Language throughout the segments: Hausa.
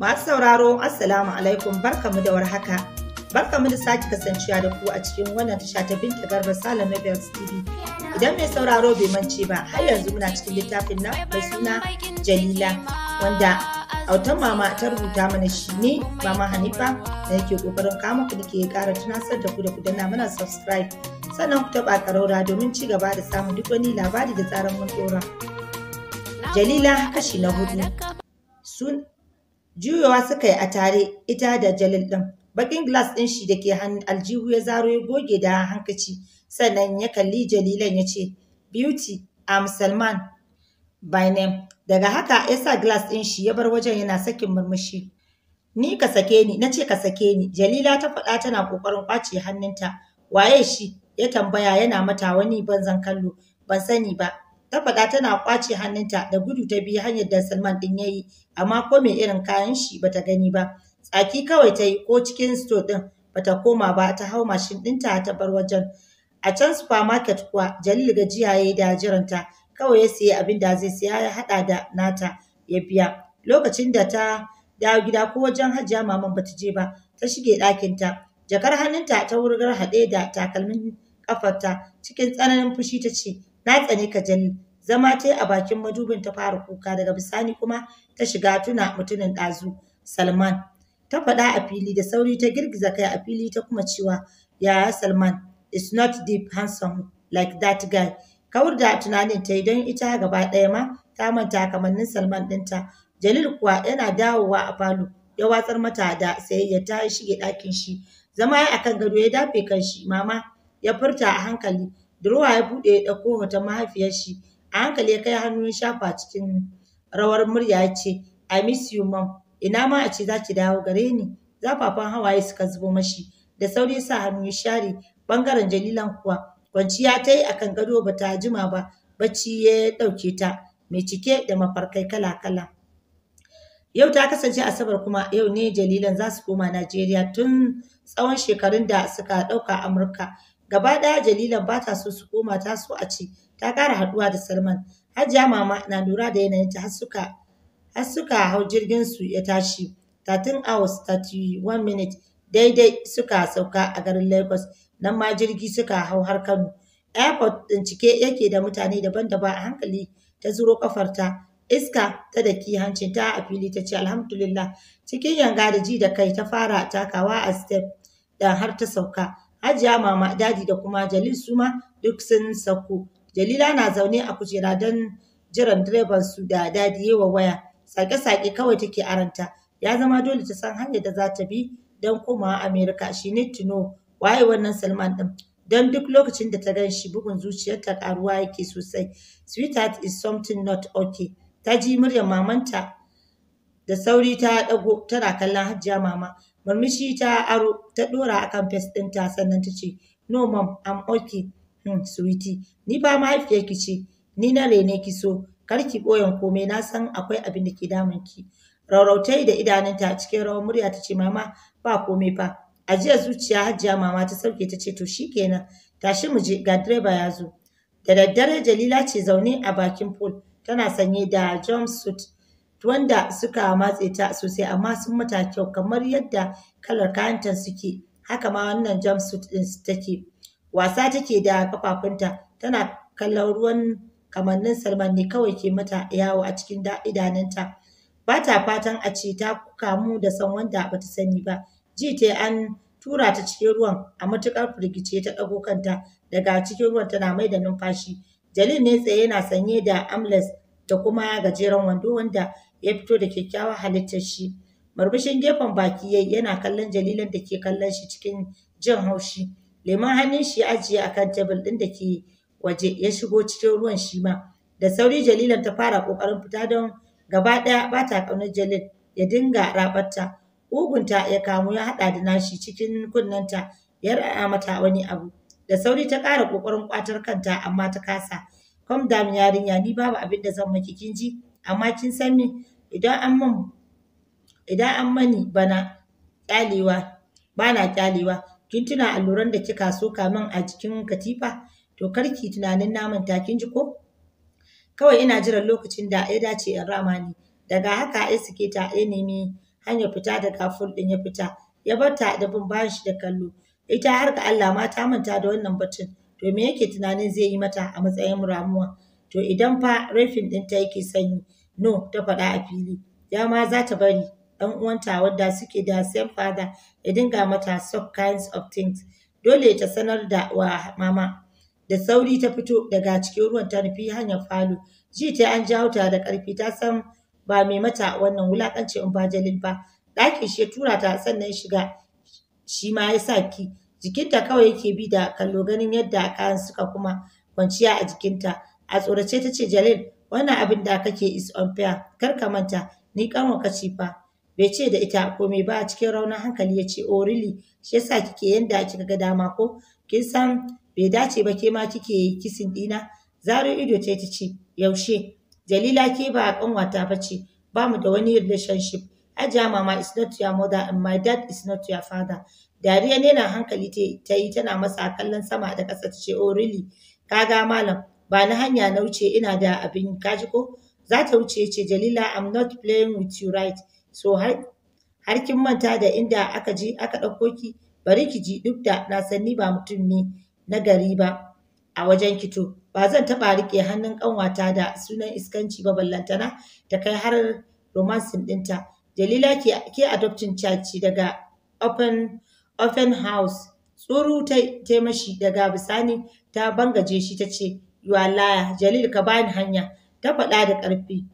Masu sauraro Assalamu alaikum barkamu da warhaka. Barkamu da sake kasancewa da ku a cikin wannan tasha ta Binta Garba Salam Mabels TV. Idan mai sauraro bai mance ba har yanzu muna cikin littafin nan mai suna Jalila wanda autan mama ta rubuta mana shi ne mama Hanifa da yake kokarin kama ku da ke kara tunasar da ku da ku danna mana subscribe sannan ku taɓa ƙaraura domin ci gaba da samun duk wani labari da tsaron mun Jalila kashi na hudu. Sun Juyowa suka yi a tare ita da Jalil ɗin. Bakin glass ɗin shi da ke hannun aljihu ya zaro ya goge da hankaci sannan ya kalli Jalilan ya ce, Beauty, am Salman by name. Daga haka ya sa glass ɗin shi ya bar wajen yana sakin murmushi. Ni ka sake ni, na ce ka sake ni. Jalila ta faɗa tana ƙoƙarin ƙwace hannunta. Waye shi? Ya tambaya yana mata wani banzan kallo. Ban sani ba, ta faɗa tana ƙwace hannunta da gudu ta biyu hanyar da Salman ɗin ya yi, amma ko mai irin kayan shi ba ta gani ba. Tsaki kawai ta yi ko cikin sto ɗin ba ta koma ba ta hau mashin ɗinta ta bar wajen. A can supermarket kuwa Jalil gajiya ya yi da jiranta kawai ya siya abin da zai saya ya haɗa da nata ya biya. Lokacin da ta dawo gida ko wajen hajiya maman ba ta je ba ta shige ɗakinta. Jakar hannunta ta wurgar haɗe da takalmin ƙafarta cikin tsananin fushi ta ce na tsane ka Jalil Zama ta a bakin madubin ta fara kuka daga bisani kuma ta shiga tuna mutumin ɗazu Salman. Ta faɗa a fili da sauri ta girgiza kai a fili ta kuma cewa yaya Salman is not deep handsome like that guy. Kawar da tunanin ta don ita gaba ɗaya ma ta manta kamannin Salman ɗinta. Jalil kuwa yana dawowa a falo ya watsar mata da sayayya ta shige ɗakin shi. Zama ya akan gado ya dafe kan shi mama ya furta a hankali. Durowa ya buɗe ya ɗauko hoton mahaifiyar shi A hankali ya kai hannun shafa cikin rawar murya ya ce, I miss you mom, ina ma a ce za ki dawo gare ni. Zafafan hawaye suka zubo mashi, da sauri sa hannu ya share bangaren jalilan kuwa. Kwanciya ta yi akan gado ba ta jima ba, bacci ya ɗauke ta, mai cike da mafarkai kala-kala. Yau ta kasance Asabar kuma yau ne jalilan za su koma Najeriya tun tsawon shekarun da suka ɗauka Amurka. Gaba ɗaya Jalila ba ta so su koma ta so a ce ta ƙara haɗuwa da Salman. Hajiya mama na lura da yanayin ta suka har suka hau jirgin su ya tashi. 13 hours 31 minutes daidai suka sauka a garin Lagos. Nan ma jirgi suka hau har Kano. Airport ɗin cike yake da mutane daban-daban a hankali ta zuro ta iska ta daki hancin ta a fili ta ce alhamdulillah cikin yanga da ji da kai ta fara takawa a step da har ta sauka Hajiya Mama Dadi da kuma Jalil suma duk sun sako. Jalila na zaune a kujera don jiran direban su da Dadi yawa waya. Sake-sake kawai take aranta. Ya zama dole ta san hanyar da za ta bi don komawa Amerika. She need to waye wannan Salman ɗin? Don duk lokacin da ta gan shi bugun zuciyarta karuwa yake sosai. Sweetheart is something not okay. Ta ji muryar mamanta da sauri ta ɗago tana kallon Hajiya Mama. murmushi ta aro ta dora akan face ɗinta sannan ta ce no mom i'm okay hmm sweetie ni ba ki ce ni na rene ki so kar ki boyen komai na san akwai abin da ke damun ki raurautai da idanunta cikin rawar murya ta ce mama ba komai fa ajiyar zuciya hajiya mama ta sauke ta ce to shikenan tashi mu je ga direba ya zo da daddare jalila ce zaune a bakin pool tana sanye da jumpsuit wanda suka matse ta sosai amma sun mata kyau kamar yadda kalar kayanta suke haka ma wannan jumpsuit din take wasa take da kafafunta tana kallon ruwan kamannin Salman ne kawai ke mata yawo a cikin idanunta ba ta fatan a ce ta kamu da san wanda ba ta sani ba ji ta an tura ta cikin ruwan a matukar firgice ta ɗago kanta daga cikin ruwan tana mai da numfashi Jalil ne tsaye yana sanye da amles da kuma gajeren wando wanda ya fito da kyakkyawar halittar shi murmushin gefen baki yayi yana kallon jalilan da ke kallon shi cikin jin haushi lemon hannun shi ya ajiye a kan tebul ɗin da ke waje ya shigo cikin ruwan shi ma da sauri jalilan ta fara ƙoƙarin fita don gaba ɗaya ba ta ƙaunar jalil ya dinga raɓarta Ugunta ya kamu ya haɗa da nashi cikin kunnenta ya raya mata wani abu da sauri ta ƙara ƙoƙarin ƙwatar kanta amma ta kasa kwam dam yarinya ni babu abin da zan maki kin ji amma kin san Idan an idan an mani bana ƙyalewa, bana ƙyalewa. Kin tuna alluran da kika soka min a jikin katifa? To kar ki tunanin naman ta kin ji ko? Kawai ina jiran lokacin da ya dace in rama ni Daga haka ai suke ta ya nemi hanyar fita daga fol ɗin ya fita. Ya bar ta da bin bayan shi da kallo. Ita har ga Allah ma ta manta da wannan batun. To me yake tunanin zai yi mata a matsayin ramuwa? To idan fa rafin ɗinta yake sanyi No, ta faɗa a fili. Dama za ta bari ɗan uwanta wadda suke da same father ya dinga mata soft kinds of things. Dole ta sanar da wa mama. Da sauri ta fito daga cikin ruwan ta nufi hanyar falo. Ji ta an jawo ta da ƙarfi ta san ba mai mata wannan wulaƙanci in ba Jalil ba. Ɗakin shi ya tura ta sannan shiga shi ma ya sa ki. Jikinta kawai yake bi da kallo ganin yadda kayan suka kuma kwanciya a jikinta. A tsorace ta ce Jalil wannan abin da kake is unfair kar ka manta ni ka ce fa bai ce da ita komai ba a cikin raunin hankali yace ce oh really shi yasa kike yanda kika ga dama ko kin san bai dace ba ke ma kike kisin dina zaro ido ta ta ce yaushe jalila ke ba kanwata ba ce ba mu da wani relationship ajiya mama is not your mother and my dad is not your father dariya ne na hankali ta yi tana masa kallon sama da ƙasa ta ce oh really kaga malam ba na hanya na wuce ina da abin kaji ko za ta wuce ce Jalila I'm not playing with you right so har har kin manta da inda aka ji aka ɗauko ki bari ki ji duk da na sanni ba mutum ne na gari ba a wajen kito ba zan taɓa riƙe hannun ƙanwata da sunan iskanci ba ballantana ta kai har romansin ɗinta Jalila ke adoptin caci daga open open house tsoro ta mashi daga bisani ta bangaje shi ta ce Yuwalaya, Jalil ka bani hanya, ta faɗa da ƙarfi.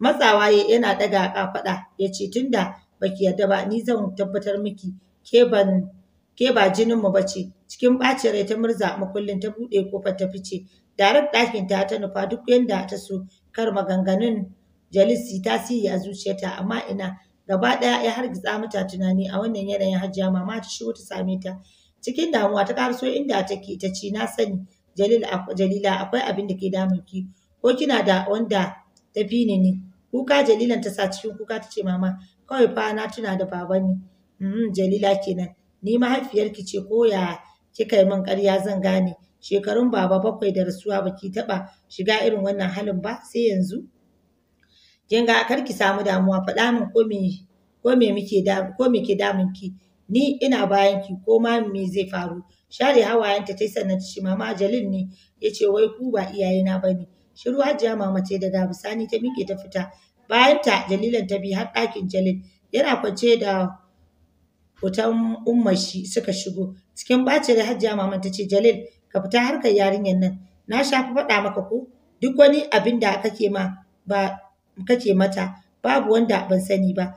Matsawa yana ɗaga faɗa, ya ce tunda baki yarda ba ni zan tabbatar miki ke ban ke ba jinin mu bace cikin ɓacin rai ta murza makullin ta buɗe kofar ta fice darar ɗakin ta ta nufa duk yadda ta so kar maganganun jalisi tasiri a zuciyarta amma ina gaba ɗaya ya hargitsa mata tunani a wannan yanayin hajjiya, mama ta shigo ta same ta cikin damuwa ta ƙaraso inda take ta ci, na sani Jalila akwai abin da ke damun ki ko kina da wanda ta fi ni ne. Kuka Jalilan ta sa cikin kuka ta ce mama kawai fa na tuna da baba ne. Mm Jalila kenan ni mahaifiyarki ce ko ya kika yi min ƙarya zan gane. Shekarun baba bakwai da rasuwa baki taɓa shiga irin wannan halin ba sai yanzu. Kin kar ki samu damuwa faɗa min ko me ko me muke da ko me ke damun ki ni ina bayan ki ko ma me zai faru Share hawayenta ta yi sannan ta ce mama Jalil ne ya ce wai ku ba iyayena ba ne. Shiru hajiya mama ce daga bisani ta miƙe ta fita. Bayan ta Jalilan ta bi har ɗakin Jalil yana kwance da wutan ummar shi suka shigo. Cikin da hajiya mama ta ce Jalil ka fita harkar yarinyar nan. Na shafi faɗa maka ko duk wani abin da kake ma ba kake mata babu wanda ban sani ba.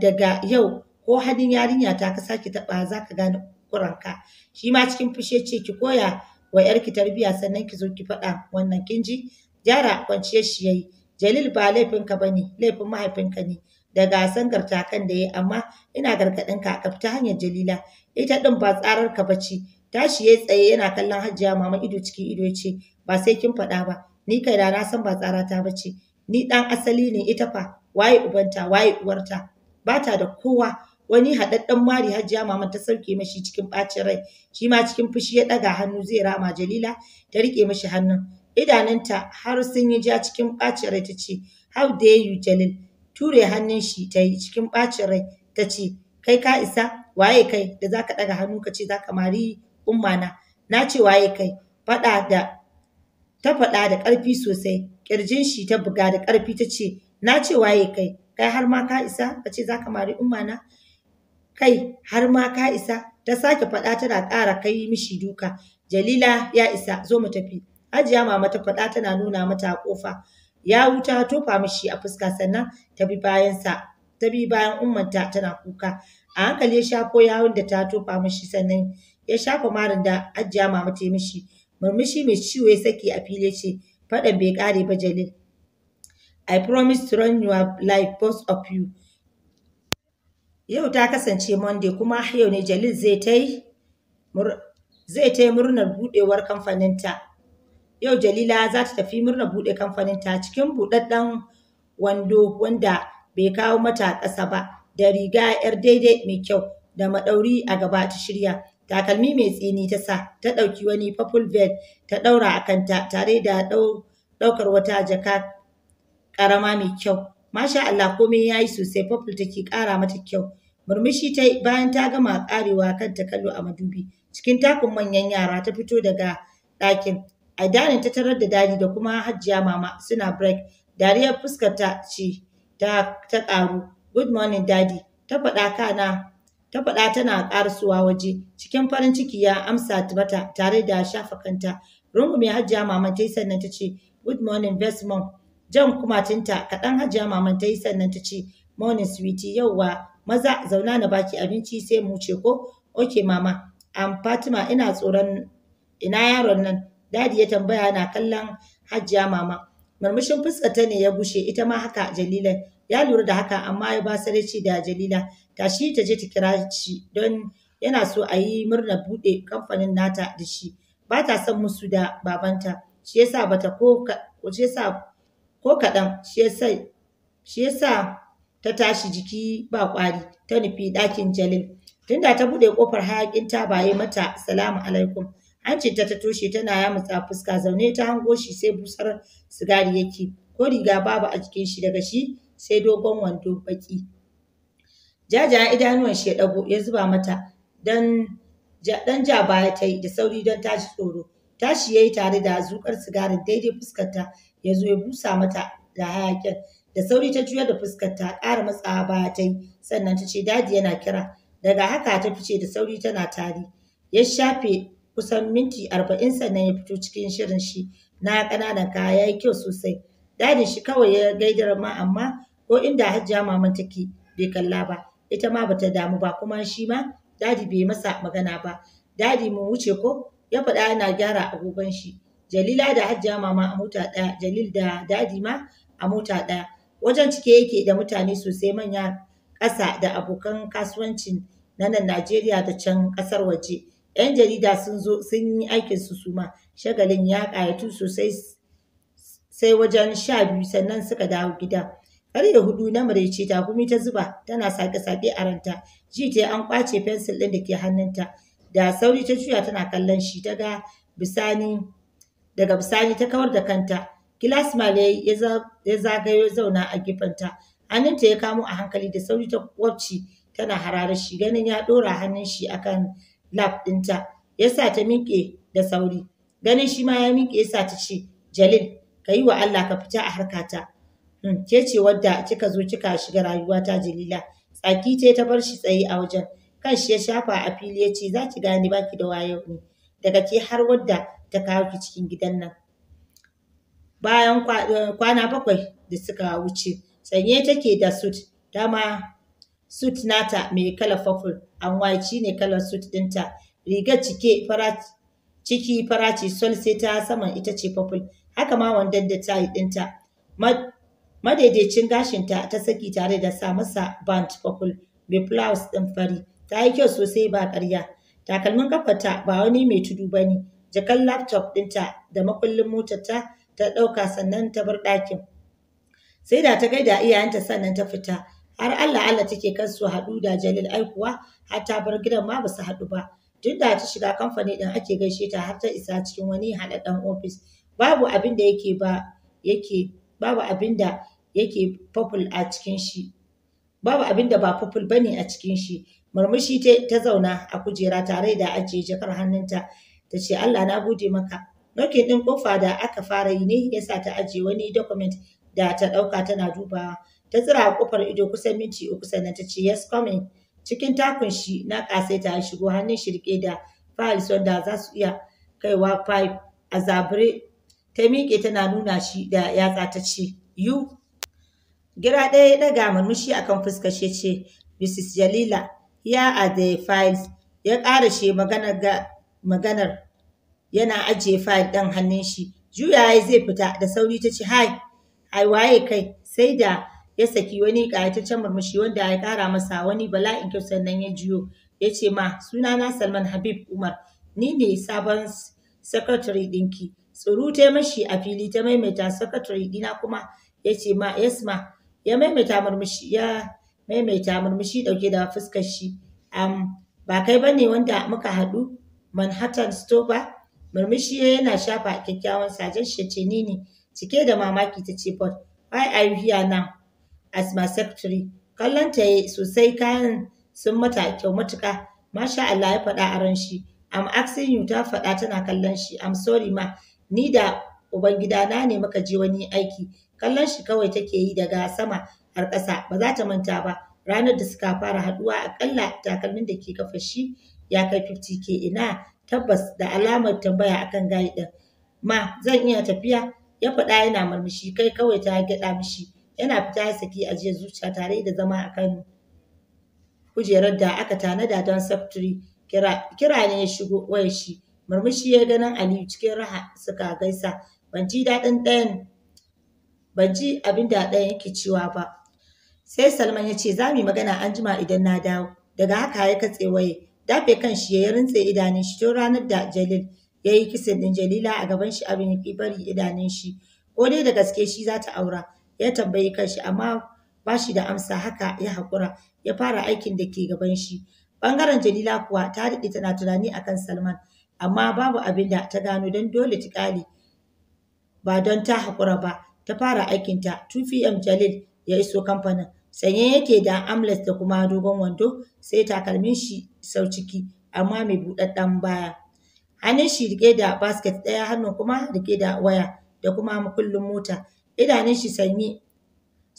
daga yau ko hannun yarinya ta ka sake taɓa za ka gane kuranka shi ma cikin fushi ya ce ki koya wa yarki tarbiya sannan ki zo ki faɗa wannan kin ji jara kwanciyar shi yayi jalil ba laifinka bane laifin mahaifinka ne da gasan gartakan da yayi amma ina gargaɗin ka ka fita hanyar jalila ita ɗin ba tsarar ka bace tashi yayi tsaye yana kallon hajiya mama ido cikin ido ya ce ba sai kin faɗa ba ni kai da na san ba tsara ta bace ni ɗan asali ne ita fa waye ubanta waye uwarta bata da kowa wani haɗaɗɗen mari hajiya Mama ta sauke mashi cikin ɓacin rai shi ma cikin fushi ya ɗaga hannu zai rama jalila ta riƙe mashi hannun idanunta har sun yi ja cikin ɓacin rai ta ce how dare you jalil ture hannun shi ta yi cikin ɓacin rai ta ce kai ka isa waye kai da zaka ɗaga hannu ka ce zaka mari umma na na ce waye kai faɗa da ta faɗa da ƙarfi sosai ƙirjin shi ta buga da ƙarfi ta ce na ce waye kai kai har ma ka isa ka ce zaka mari umma na kai har ma ka isa ta sake faɗa tana ƙara kai mishi duka jalila ya isa zo mu tafi Ajiya, mama ta faɗa tana nuna mata ƙofa ya wuta tofa mishi a fuska sannan ta bi sa ta bi bayan ummanta tana kuka a hankali ya shafo yawon da ta tofa mishi sannan ya shafa marin da ajiya mama ta yi mishi murmushi mai ciwo ya saki a fili ce faɗan bai ƙare ba jalil I promise to run your life, both of you. Yau ta kasance Monday kuma yau ne Jalil zai ta yi zai ta yi murnar buɗewar kamfaninta. Yau Jalila za ta tafi murnar buɗe ta cikin buɗaɗɗen wando wanda bai kawo mata ƙasa ba da riga 'yar daidai mai kyau da maɗauri a gaba ta shirya. Takalmi mai tsini ta sa ta ɗauki wani purple veil ta ɗaura a kanta tare da ɗaukar wata jaka ƙarama mai kyau. Masha Allah komai ya yi sosai purple take ƙara mata kyau. Murmushi ta bayan ta gama ƙarewa ta kallo a madubi. Cikin takun manyan yara ta fito daga ɗakin. A ta tarar da dadi da kuma hajjiya mama suna break. Dariyar fuskar ta ce ta ta ƙaru. Good morning daddy. Ta faɗa kana ta faɗa tana ƙarasuwa waje. Cikin farin ciki ya amsa mata tare da shafa kanta. Rungume hajjiya mama ta yi sannan ta ce good morning best mom. jan kumatinta kaɗan hajiya maman ta yi sannan ta ce morning sweetie yauwa maza zauna na baki abinci sai mu ce ko ok mama am fatima ina tsoron ina yaron nan dadi ya tambaya na kallon hajiya mama murmushin fuskar ta ne ya bushe ita ma haka jalila ya lura da haka amma ya ba sarki da jalila tashi ta je ta kira shi don yana so a yi murna bude kamfanin nata da shi ba ta son musu da babanta shi yasa bata ko shi yasa ko kaɗan shi yasa ta tashi jiki ba ƙwari ta nufi ɗakin Jalil. Tunda ta buɗe ƙofar hayaƙin ta baye mata salamu alaikum. Hancinta ta toshe tana yamutsa fuska zaune ta hango shi sai busar sigari yake ko riga babu a jikin shi daga shi sai dogon wando baƙi. jajaya idanuwan shi ya ɗago ya zuba mata dan dan ja baya ta yi da sauri don tashi tsoro. Tashi ya yi tare da zuƙar sigarin daidai fuskarta ya zo ya busa mata da hayakin da sauri ta juyar da fuskar ta ƙara matsawa baya ta yi sannan ta ce dadi yana kira daga haka ta fice da sauri tana tari ya shafe kusan minti arba'in sannan ya fito cikin shirin shi na ƙananan kaya ya yi kyau sosai dadin shi kawai ya gaidar ma amma ko inda hajjiya maman take bai kalla ba ita ma bata damu ba kuma shi ma dadi bai masa magana ba dadi mu wuce ko ya faɗa yana gyara agogon shi Jalila da Hajiya mama a mota ɗaya, Jalil da dadi ma a mota ɗaya. Wajen cike yake da mutane sosai manya ƙasa da abokan kasuwancin na nan Najeriya da can ƙasar waje. 'Yan jarida sun zo sun yi aikin su suma. Shagalin ya ƙayatu sosai sai wajen sha biyu sannan suka dawo gida. Karya hudu na ta, gumi ta zuba tana saƙe-saƙe a ranta. Ji ta an ƙwace fensil ɗin da ke hannunta. Da sauri ta juya tana kallon shi ta ga bisani daga bisani ta kawar da kanta male ya zagayo zauna a gefenta hannunta ya kamo a hankali da sauri ta kwabci tana harara shi ganin ya ɗora hannun shi akan lab ɗinta ya sa ta miƙe da sauri ganin shi ma ya miƙe ya sa ta ce jalil ka yi wa allah ka fita a harkata hmm, ke ce wadda kika zo kika shiga rayuwata jalila tsaki ce ta bar shi tsaye a wajen kan shi ya shafa a fili ya ce za ki gane baki da wayo ne daga ke har wadda ta kawo ki cikin gidan nan bayan eh, kwana bakwai da suka wuce sanye take da suit dama suit nata mai kalar purple an waici ne kalar suit ɗinta. rigar cike ciki fara sol sai ta saman ita ce purple haka ma wandon da tayi dinta madaidaicin gashinta ta saki tare da sa masa band purple mai blouse ɗin fari ta yi kyau sosai ba ƙarya takalmin kafarta ba wani mai tudu bane jakan laptop ɗinta da makullin motar ta ɗauka sannan ta bar ɗakin. Sai da ta gaida iyayenta sannan ta fita har Allah Allah take kan su haɗu da Jalil aikuwa har ta bar gidan ma ba su haɗu ba. Duk da ta shiga kamfani ɗin ake gaishe ta har ta isa cikin wani haɗaɗɗen ofis. Babu abin da yake ba yake babu abin da yake popul a cikin shi. Babu abin da ba purple bane a cikin shi. Murmushi ta zauna a kujera tare da ajiye jakar hannunta ta ce Allah na gode maka nokin ɗin kofa da aka fara yi ne ya sa ta ajiye wani document da ta ɗauka tana dubawa ta tsira a kofar ido kusan minti uku sannan ta ce yes coming cikin takun shi na ƙasa ta shigo hannun shirke da files wanda za su iya kaiwa five a zabire ta miƙe tana nuna shi da yatsa ta ce you gira ɗaya ya ɗaga murmushi akan fuskar shi ce mrs jalila ya are the files ya ƙara shi maganar ga maganar yana ajiye fayil ɗin hannun shi. Juyawa zai fita da sauri ta ce hai ai waye kai sai da ya saki wani ƙayataccen murmushi wanda ya ƙara masa wani bala'in kyau sannan ya juyo ya ce ma sunana Salman Habib Umar ni ne sabon sakatare ɗinki tsoro ta mashi a fili ta maimaita secretary ɗina kuma ya ce ma yes ma ya maimaita murmushi ya maimaita murmushi ɗauke da fuskar shi um, ba kai bane wanda muka haɗu Manhattan Stoba Murmushi yana shafa kyakkyawan sajen shi ce ne. Cike da mamaki ta ce Paul, why are you here now? As my secretary. Kallon ta sosai kayan sun mata kyau matuka. Masha Allah ya faɗa a ran shi. Am asking you ta faɗa tana kallon shi. Am sorry ma. Ni da Ubangida na ne maka je wani aiki. Kallon shi kawai take yi daga sama har ƙasa. Ba za ta manta ba. Ranar da suka fara haɗuwa akalla takalmin da ke kafa shi ya kai 50k ina tabbas da alamar tambaya akan gayi ɗin. Ma zan iya tafiya ya faɗa yana murmushi kai kawai ta gyaɗa mishi yana fita ya saki ajiya zuciya tare da zama a akan kujerar da aka tanada don saftiri kira ne ya shigo wayar shi murmushi ya ganin Aliyu cikin raha suka gaisa ban ji daɗin ɗayan ban ji abin da ɗayan yake cewa ba sai Salman ya ce za mu yi magana an jima idan na dawo daga haka ya katse waye dafe kan shi ya rintse idanun shi tun ranar da Jalil ya yi kisan ɗin Jalila a gaban shi abin ki bari idanun shi ko dai da gaske shi za ta aura ya tambayi kanshi amma ba shi da amsa haka ya haƙura ya fara aikin da ke gaban shi ɓangaren Jalila kuwa ta daɗe tana tunani akan Salman amma babu abin da ta gano don dole ta ƙale ba don ta haƙura ba ta fara aikinta 2pm Jalil ya iso kamfanin sanye yake da amlet da kuma dogon wando sai takalmin shi sau ciki amma mai buɗaɗɗen baya hannun shi rike da basket ɗaya hannun kuma rike da waya da kuma makullin mota idanun shi sanye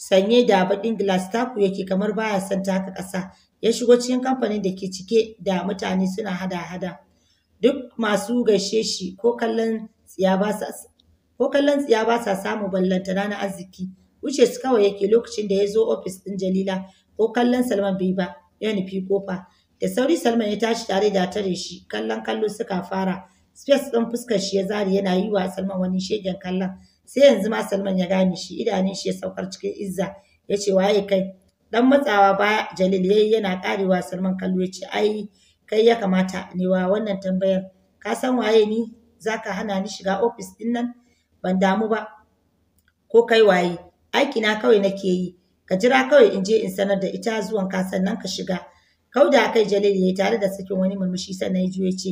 sanye da baƙin glass taku yake kamar baya son taka ƙasa ya shigo cikin kamfanin da ke cike da mutane suna hada-hada duk masu gaishe shi ko kallon tsiya ba sa samu ballantana na arziki wuce su kawai yake lokacin da ya zo ofis ɗin Jalila ko kallon Salman bai ba ya nufi kofa. Da sauri Salman ya tashi tare da tare shi kallon kallo suka fara. Space ɗin fuskar shi ya zari yana yi wa Salman wani shegen kallon. Sai yanzu ma Salman ya gane shi idanun shi ya saukar cikin izza ya ce waye kai. Dan matsawa ba, Jalil yayi yana karewa Salman kallo ya ce ai kai ya kamata ne wa wannan tambayar. Ka san waye ni zaka hana ni shiga ofis ɗin nan? Ban damu ba. Ko kai waye? aikina kawai nake yi ka jira kawai in je in sanar da ita zuwan ka sannan ka shiga kau da kai jalil ya tare da sakin wani murmushi sannan ya ya ce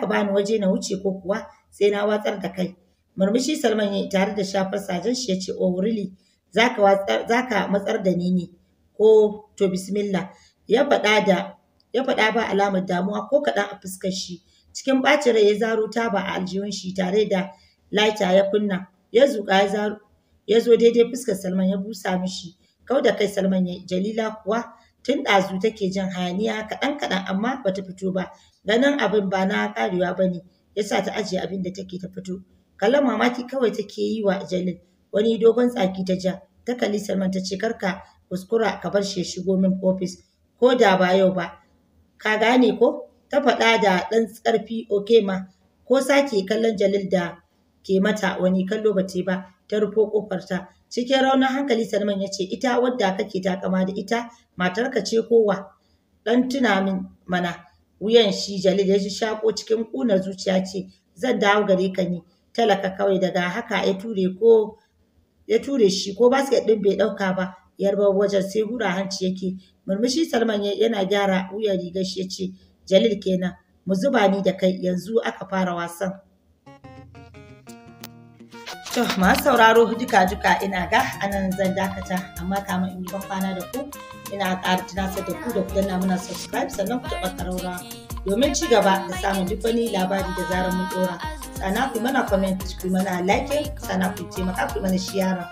ka bani waje na wuce ko kuwa sai na watsar da kai murmushi salman ya tare da shafar sajan shi ya ce oh really za ka matsar da ni ne ko to bismillah ya faɗa da ya faɗa ba alamar damuwa ko kaɗan a fuskar shi cikin ɓacin rai ya zaro taba a aljihun shi tare da laita ya kunna ya zuƙa ya zaro ya zo daidai fuskar Salman ya busa mishi kau da kai Salman ya Jalila kuwa tun ɗazu take jin hayaniya kaɗan kaɗan amma bata fito ba ganin abin ba na karewa ba ne ya sa ta ajiye abin da take ta fito kallon mamaki kawai take yi wa Jalil wani dogon tsaki ta ja ta kalli Salman ta ce karka kuskura ka bar shi shigo min ofis ko da ba yau ba ka gane ko ta faɗa da ɗan ƙarfi oke ma ko sake kallon Jalil da ke mata wani kallo ba ba ta rufo ƙofarta. Cikin raunin hankali Salman ya ce, Ita wadda kake takama da ita, matarka ce kowa. Ɗan tuna min mana, wuyan shi Jalil ya ji shako cikin ƙuna zuciya ce, Zan dawo gare ka ne, talaka kawai daga haka ya ture ko ya ture shi ko basket ɗin bai ɗauka ba, yarba wajen sai hura hanci yake. Murmushi Salman yana gyara wuyan rigar shi ya ce, Jalil kenan, mu zuba ni da kai yanzu aka fara wasan. To masu sauraro duka-duka ina ga anan zan dakata amma kama in yi kwana da ku ina ƙara sa da ku da ku danna muna subscribe sannan ku taɓa karaura domin ci gaba da samun duk wani labari da zarar mun ɗora. Sana ku mana comment ku mana like sana ku taimaka ku mana shiyara.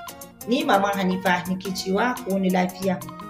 Ni mama Hanifa nake cewa ku wani lafiya.